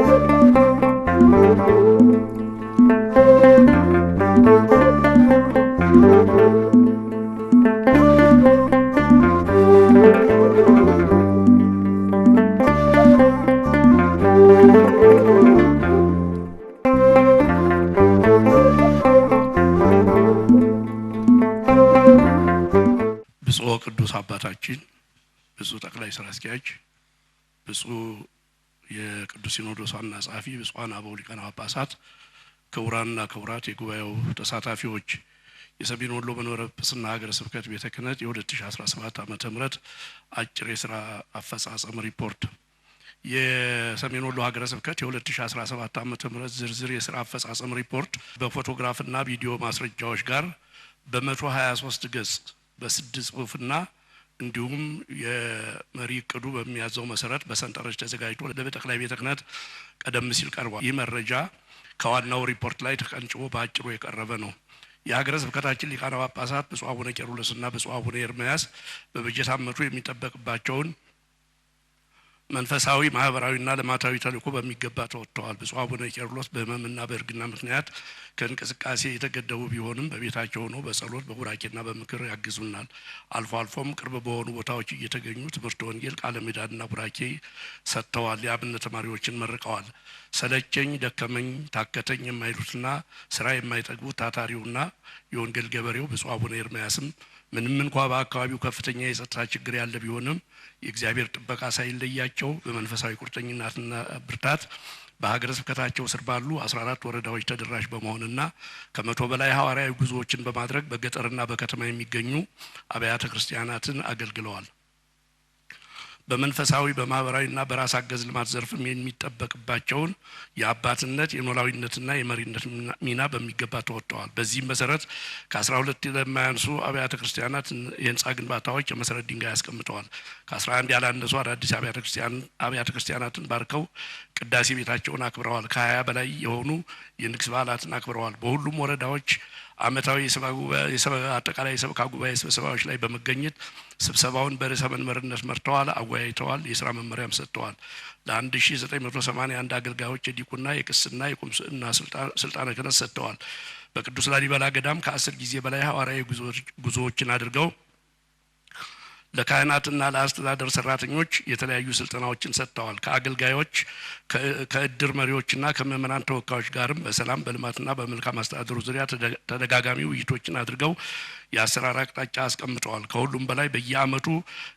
ብፁዕ ቅዱስ አባታችን፣ ብፁዕ ጠቅላይ ስራ አስኪያጅ፣ ብፁዕ የቅዱስ ሲኖዶስ ዋና ጸሐፊ ብፁዓን አበው ሊቃነ ጳጳሳት፣ ክቡራንና ክቡራት የጉባኤው ተሳታፊዎች የሰሜን ወሎ መንበረ ጵጵስና ሀገረ ስብከት ቤተ ክህነት የ2017 ዓ ም አጭር የስራ አፈጻጸም ሪፖርት የሰሜን ወሎ ሀገረ ስብከት የ2017 ዓ ም ዝርዝር የስራ አፈጻጸም ሪፖርት በፎቶግራፍና ቪዲዮ ማስረጃዎች ጋር በ123 ገጽ በስድስት ጽሁፍና እንዲሁም የመሪ እቅዱ በሚያዘው መሰረት በሰንጠረዥ ተዘጋጅቶ ለጠቅላይ ቤተ ክህነት ቀደም ሲል ቀርቧል። ይህ መረጃ ከዋናው ሪፖርት ላይ ተቀንጭቦ በአጭሩ የቀረበ ነው። የሀገረ ስብከታችን ሊቃነ ጳጳሳት ብፁዕ አቡነ ቄርሎስና ብፁዕ አቡነ ኤርምያስ በበጀት ዓመቱ የሚጠበቅባቸውን መንፈሳዊ ማህበራዊና ልማታዊ ተልእኮ በሚገባ ተወጥተዋል። ብፁዕ አቡነ ቄርሎስ በህመምና በእርግና ምክንያት ከእንቅስቃሴ የተገደቡ ቢሆንም በቤታቸው ሆነው በጸሎት በቡራኬና በምክር ያግዙናል። አልፎ አልፎም ቅርብ በሆኑ ቦታዎች እየተገኙ ትምህርት ወንጌል፣ ቃለ ምዕዳንና ቡራኬ ሰጥተዋል። የአብነት ተማሪዎችን መርቀዋል። ሰለቸኝ፣ ደከመኝ፣ ታከተኝ የማይሉትና ስራ የማይጠግቡ ታታሪውና የወንጌል ገበሬው ብፁዕ አቡነ ኤርምያስም ምንም እንኳ በአካባቢው ከፍተኛ የጸጥታ ችግር ያለ ቢሆንም የእግዚአብሔር ጥበቃ ሳይለያቸው በመንፈሳዊ ቁርጠኝነትና ብርታት በሀገረ ስብከታቸው ስር ባሉ 14 ወረዳዎች ተደራሽ በመሆንና ከመቶ በላይ ሐዋርያዊ ጉዞዎችን በማድረግ በገጠርና በከተማ የሚገኙ አብያተ ክርስቲያናትን አገልግለዋል። በመንፈሳዊ በማህበራዊና በራስ አገዝ ልማት ዘርፍም የሚጠበቅባቸውን የአባትነት የኖላዊነትና የመሪነት ሚና በሚገባ ተወጥተዋል። በዚህም መሰረት ከ12 ለማያንሱ አብያተ ክርስቲያናት የህንፃ ግንባታዎች የመሰረት ድንጋይ አስቀምጠዋል። ከአስራ ከ11 ያላነሱ አዳዲስ አብያተ ክርስቲያናትን ባርከው ቅዳሴ ቤታቸውን አክብረዋል። ከ ከ20 በላይ የሆኑ የንግስ በዓላትን አክብረዋል። በሁሉም ወረዳዎች ዓመታዊ አጠቃላይ የሰበካ ጉባኤ ስብሰባዎች ላይ በመገኘት ስብሰባውን በርዕሰ መምህርነት መርተዋል፣ አወያይተዋል፣ የስራ መመሪያም ሰጥተዋል። ለ1981 አገልጋዮች የዲቁና የቅስና የቁምስና ስልጣነ ክህነት ሰጥተዋል። በቅዱስ ላሊበላ ገዳም ከአስር ጊዜ በላይ ሐዋርያዊ ጉዞዎችን አድርገው ለካህናትና ለአስተዳደር ሰራተኞች የተለያዩ ስልጠናዎችን ሰጥተዋል። ከአገልጋዮች ከእድር መሪዎችና ከምዕመናን ተወካዮች ጋርም በሰላም በልማትና በመልካም አስተዳደሩ ዙሪያ ተደጋጋሚ ውይይቶችን አድርገው የአሰራር አቅጣጫ አስቀምጠዋል። ከሁሉም በላይ በየዓመቱ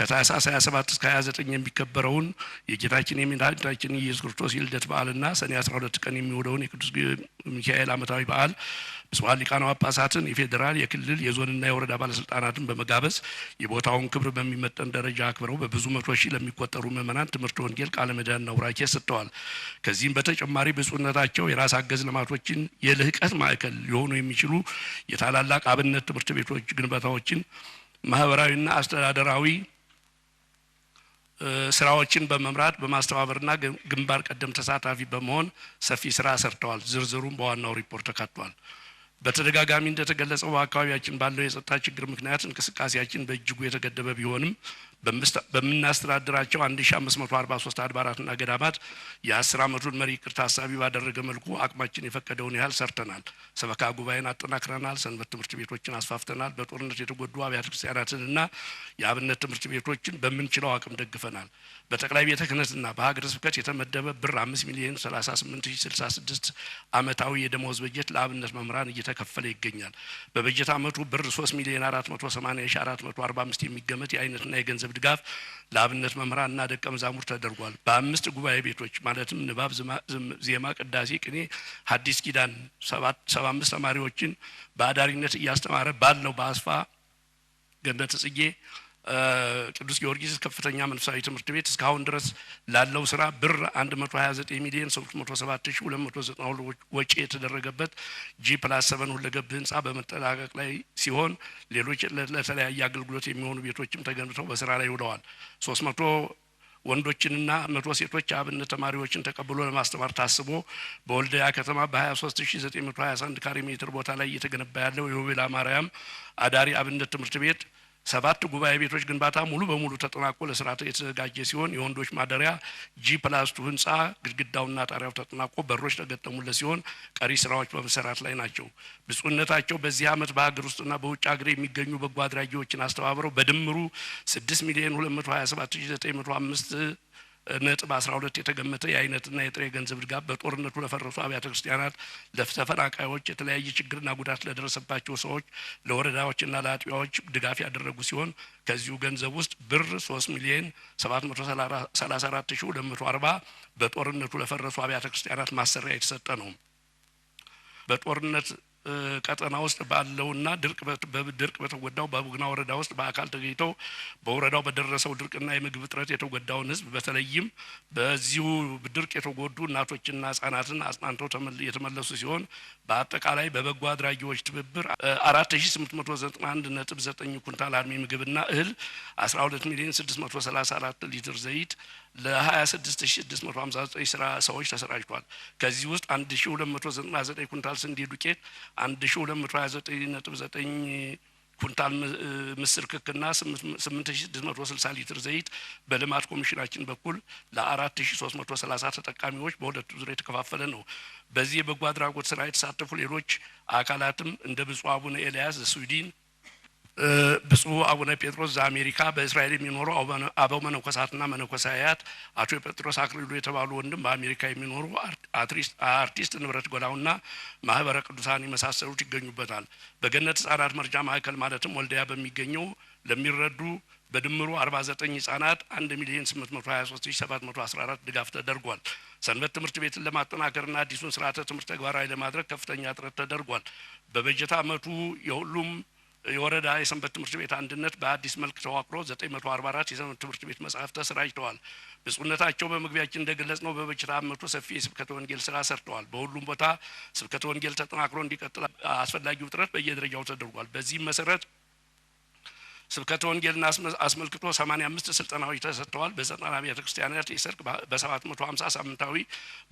ከታህሳስ 27 እስከ 29 የሚከበረውን የጌታችን የመድኃኒታችን ኢየሱስ ክርስቶስ የልደት በዓልና ሰኔ 12 ቀን የሚውለውን የቅዱስ ሚካኤል ዓመታዊ በዓል ብፁዓን ሊቃነ ጳጳሳትን፣ የፌዴራል የክልል የዞንና የወረዳ ባለስልጣናትን በመጋበዝ የቦታውን ክብር በሚመጠን ደረጃ አክብረው በብዙ መቶ ሺህ ለሚቆጠሩ ምዕመናን ትምህርት ወንጌል፣ ቃለ ምዕዳንና ቡራኬ ሰጥተዋል። ከዚህም በተጨማሪ ብፁዕነታቸው የራስ አገዝ ልማቶችን የልህቀት ማዕከል ሊሆኑ የሚችሉ የታላላቅ አብነት ትምህርት ቤቶች ግንባታዎችን ማህበራዊና አስተዳደራዊ ስራዎችን በመምራት በማስተባበርና ግንባር ቀደም ተሳታፊ በመሆን ሰፊ ስራ ሰርተዋል። ዝርዝሩም በዋናው ሪፖርት ተካቷል። በተደጋጋሚ እንደተገለጸው በአካባቢያችን ባለው የጸጥታ ችግር ምክንያት እንቅስቃሴያችን በእጅጉ የተገደበ ቢሆንም በምናስተዳድራቸው 1543 አድባራትና ገዳማት የአስር ዓመቱን መሪ ቅርታ ሀሳቢ ባደረገ መልኩ አቅማችን የፈቀደውን ያህል ሰርተናል። ሰበካ ጉባኤን አጠናክረናል። ሰንበት ትምህርት ቤቶችን አስፋፍተናል። በጦርነት የተጎዱ አብያተ ክርስቲያናትንና የአብነት ትምህርት ቤቶችን በምንችለው አቅም ደግፈናል። በጠቅላይ ቤተ ክህነትና በሀገረ ስብከት የተመደበ ብር 5 ሚሊዮን 38066 ዓመታዊ የደመወዝ በጀት ለአብነት መምህራን እየተከፈለ ይገኛል። በበጀት ዓመቱ ብር 3 ሚሊዮን 480 445 የሚገመት የአይነትና የገንዘብ ድጋፍ ለአብነት መምህራንና ደቀ መዛሙር ተደርጓል። በአምስት ጉባኤ ቤቶች ማለትም ንባብ፣ ዜማ፣ ቅዳሴ፣ ቅኔ፣ ሐዲስ ኪዳን ሰባ አምስት ተማሪዎችን በአዳሪነት እያስተማረ ባለው በአስፋ ገነት ጽጌ ቅዱስ ጊዮርጊስ ከፍተኛ መንፈሳዊ ትምህርት ቤት እስካሁን ድረስ ላለው ስራ ብር 129 ሚሊዮን 377292 ወጪ የተደረገበት ጂ ፕላስ 7 ሁለገብ ህንፃ በመጠናቀቅ ላይ ሲሆን ሌሎች ለተለያየ አገልግሎት የሚሆኑ ቤቶችም ተገንብተው በስራ ላይ ውለዋል። 300 ወንዶችንና መቶ ሴቶች አብነት ተማሪዎችን ተቀብሎ ለማስተማር ታስቦ በወልዲያ ከተማ በ23921 ካሬ ሜትር ቦታ ላይ እየተገነባ ያለው የሆቤላ ማርያም አዳሪ አብነት ትምህርት ቤት ሰባት ጉባኤ ቤቶች ግንባታ ሙሉ በሙሉ ተጠናቆ ለስርዓት የተዘጋጀ ሲሆን የወንዶች ማደሪያ ጂ ፕላስቱ ህንፃ ግድግዳውና ጣሪያው ተጠናቆ በሮች ተገጠሙለት ሲሆን ቀሪ ስራዎች በመሰራት ላይ ናቸው። ብፁዕነታቸው በዚህ ዓመት በሀገር ውስጥና በውጭ ሀገር የሚገኙ በጎ አድራጊዎችን አስተባብረው በድምሩ 6 ሚሊዮን 227 905 ነጥብ 12 የተገመተ የአይነትና የጥሬ ገንዘብ ድጋፍ በጦርነቱ ለፈረሱ አብያተ ክርስቲያናት፣ ለተፈናቃዮች፣ የተለያየ ችግርና ጉዳት ለደረሰባቸው ሰዎች፣ ለወረዳዎችና ለአጥቢያዎች ድጋፍ ያደረጉ ሲሆን ከዚሁ ገንዘብ ውስጥ ብር 3 ሚሊዮን 734240 በጦርነቱ ለፈረሱ አብያተ ክርስቲያናት ማሰሪያ የተሰጠ ነው። በጦርነት ቀጠና ውስጥ ባለውና ድርቅ በተጎዳው በቡግና ወረዳ ውስጥ በአካል ተገኝተው በወረዳው በደረሰው ድርቅና የምግብ እጥረት የተጎዳውን ሕዝብ በተለይም በዚሁ ድርቅ የተጎዱ እናቶችና ሕጻናትን አጽናንተው የተመለሱ ሲሆን በአጠቃላይ በበጎ አድራጊዎች ትብብር አራት ሺ ስምንት መቶ ዘጠና አንድ ነጥብ ዘጠኝ ኩንታል አልሚ ምግብና እህል አስራ ሁለት ሚሊዮን ስድስት መቶ ሰላሳ አራት ሊትር ዘይት ለ26659 ስራ ሰዎች ተሰራጅቷል። ከዚህ ውስጥ 1299 ኩንታል ስንዴ ዱቄት፣ 1229.9 ኩንታል ምስር ክክና 8660 ሊትር ዘይት በልማት ኮሚሽናችን በኩል ለ4330 ተጠቃሚዎች በሁለቱ ዙር የተከፋፈለ ነው። በዚህ የበጎ አድራጎት ስራ የተሳተፉ ሌሎች አካላትም እንደ ብፁዕ አቡነ ኤልያስ ስዊድን ብፁዕ አቡነ ጴጥሮስ ዘአሜሪካ በእስራኤል የሚኖሩ አበው መነኮሳትና መነኮሳያት አቶ ጴጥሮስ አክሊሉ የተባሉ ወንድም በአሜሪካ የሚኖሩ አርቲስት ንብረት ጎላውና ማህበረ ቅዱሳን የመሳሰሉት ይገኙበታል። በገነት ህጻናት መርጃ ማዕከል ማለትም ወልዲያ በሚገኘው ለሚረዱ በድምሩ 49 ህጻናት 1 ሚሊዮን 823714 ድጋፍ ተደርጓል። ሰንበት ትምህርት ቤትን ለማጠናከርና አዲሱን ስርዓተ ትምህርት ተግባራዊ ለማድረግ ከፍተኛ ጥረት ተደርጓል። በበጀት ዓመቱ የሁሉም የወረዳ የሰንበት ትምህርት ቤት አንድነት በአዲስ መልክ ተዋቅሮ 944 የሰንበት ትምህርት ቤት መጽሐፍ ተሰራጭተዋል። ብፁዕነታቸው በመግቢያችን እንደገለጽ ነው በበጀት ዓመቱ ሰፊ የስብከተ ወንጌል ስራ ሰርተዋል። በሁሉም ቦታ ስብከተ ወንጌል ተጠናክሮ እንዲቀጥል አስፈላጊው ጥረት በየደረጃው ተደርጓል። በዚህም መሰረት ስብከተ ወንጌልን አስመልክቶ 85 ስልጠናዎች ተሰጥተዋል። በዘጠና አብያተ ክርስቲያናት የሰርክ በ750 ሳምንታዊ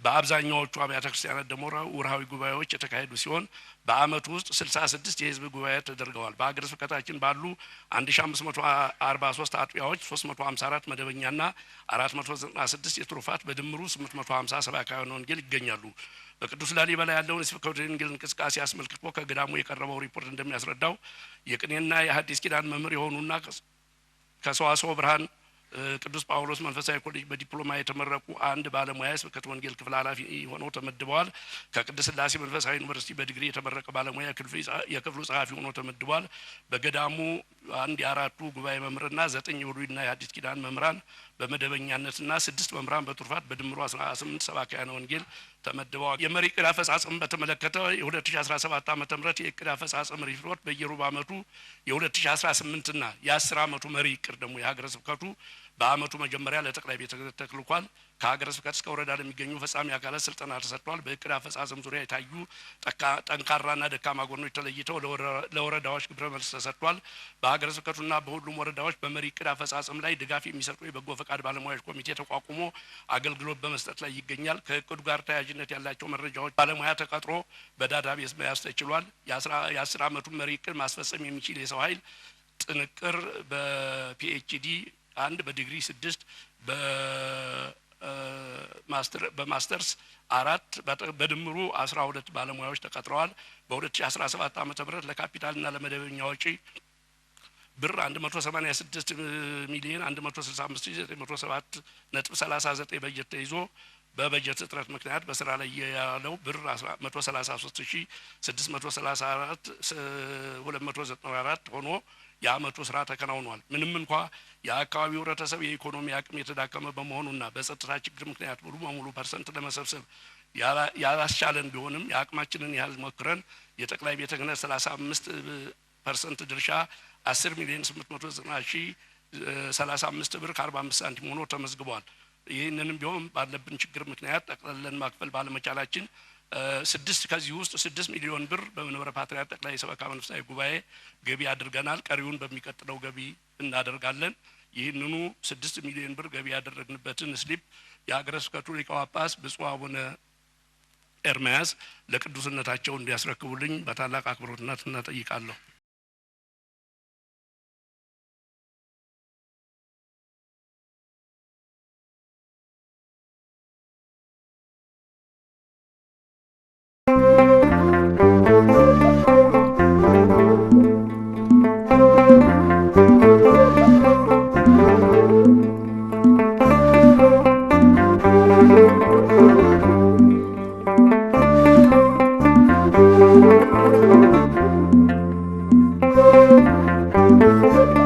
በአብዛኛዎቹ አብያተ ክርስቲያናት ደግሞ ውርሃዊ ጉባኤዎች የተካሄዱ ሲሆን በአመቱ ውስጥ 66 የህዝብ ጉባኤ ተደርገዋል። በሀገረ ስብከታችን ባሉ 1543 አጥቢያዎች 354 መደበኛና 496 የትሩፋት በድምሩ 850 ሰባካያን ወንጌል ይገኛሉ። በቅዱስ ላሊበላ ያለውን የስብከተ ወንጌል እንቅስቃሴ አስመልክቶ ከገዳሙ የቀረበው ሪፖርት እንደሚያስረዳው የቅኔና የሐዲስ ኪዳን መምህር የሆኑና ከሰዋስወ ብርሃን ቅዱስ ጳውሎስ መንፈሳዊ ኮሌጅ በዲፕሎማ የተመረቁ አንድ ባለሙያ የስብከተ ወንጌል ክፍል ኃላፊ ሆነው ተመድበዋል። ከቅድስት ስላሴ መንፈሳዊ ዩኒቨርሲቲ በዲግሪ የተመረቀ ባለሙያ የክፍሉ ጸሐፊ ሆኖ ተመድበዋል። በገዳሙ አንድ የአራቱ ጉባኤ መምህርና ዘጠኝ የብሉይና የአዲስ ኪዳን መምህራን በመደበኛነትና ስድስት መምህራን በቱርፋት በድምሩ አስራ ስምንት ሰባክያነ ወንጌል ተመድበዋል። የመሪ እቅድ አፈጻጸም በተመለከተ የ2017 ዓ ም የእቅድ አፈጻጸም ሪፖርት በየሩብ ዓመቱ የ2018ና የ10 ዓመቱ መሪ እቅድ ደግሞ የሀገረ ስብከቱ በአመቱ መጀመሪያ ለጠቅላይ ቤተ ክህነት ተልኳል። ከሀገረ ስብከት እስከ ወረዳ ለሚገኙ ፈጻሚ አካላት ስልጠና ተሰጥቷል። በእቅድ አፈጻጸም ዙሪያ የታዩ ጠንካራና ደካማ ጎኖች ተለይተው ለወረዳዎች ግብረ መልስ ተሰጥቷል። በሀገረ ስብከቱና በሁሉም ወረዳዎች በመሪ እቅድ አፈጻጸም ላይ ድጋፍ የሚሰጡ የበጎ ፈቃድ ባለሙያዎች ኮሚቴ ተቋቁሞ አገልግሎት በመስጠት ላይ ይገኛል። ከእቅዱ ጋር ተያያዥነት ያላቸው መረጃዎች ባለሙያ ተቀጥሮ በዳታቤዝ መያዝ ተችሏል። የአስር አመቱን መሪ እቅድ ማስፈጸም የሚችል የሰው ኃይል ጥንቅር በፒኤችዲ አንድ በዲግሪ ስድስት በማስተርስ አራት በድምሩ አስራ ሁለት ባለሙያዎች ተቀጥረዋል። በ2017 ዓ ም ለካፒታልና ለመደበኛ ወጪ ብር 186 ሚሊዮን 165937 በጀት ተይዞ በበጀት እጥረት ምክንያት በስራ ላይ ያለው ብር 133634 ሆኖ የአመቱ ስራ ተከናውኗል። ምንም እንኳ የአካባቢው ህብረተሰብ የኢኮኖሚ አቅም የተዳከመ በመሆኑና በጸጥታ ችግር ምክንያት ሙሉ በሙሉ ፐርሰንት ለመሰብሰብ ያላስቻለን ቢሆንም የአቅማችንን ያህል ሞክረን የጠቅላይ ቤተ ክህነት ሰላሳ አምስት ፐርሰንት ድርሻ አስር ሚሊዮን ስምንት መቶ ዘጠና ሺ ሰላሳ አምስት ብር ከአርባ አምስት ሳንቲም ሆኖ ተመዝግቧል። ይህንንም ቢሆን ባለብን ችግር ምክንያት ጠቅለለን ማክፈል ባለመቻላችን ስድስት ከዚህ ውስጥ ስድስት ሚሊዮን ብር በመንበረ ፓትርያርክ ጠቅላይ ሰበካ መንፈሳዊ ጉባኤ ገቢ አድርገናል። ቀሪውን በሚቀጥለው ገቢ እናደርጋለን። ይህንኑ ስድስት ሚሊዮን ብር ገቢ ያደረግንበትን ስሊፕ የሀገረ ስብከቱ ሊቀ ጳጳስ ብፁዕ አቡነ ኤርምያስ ለቅዱስነታቸው እንዲያስረክቡልኝ በታላቅ አክብሮትና ትሕትና ጠይቃለሁ። you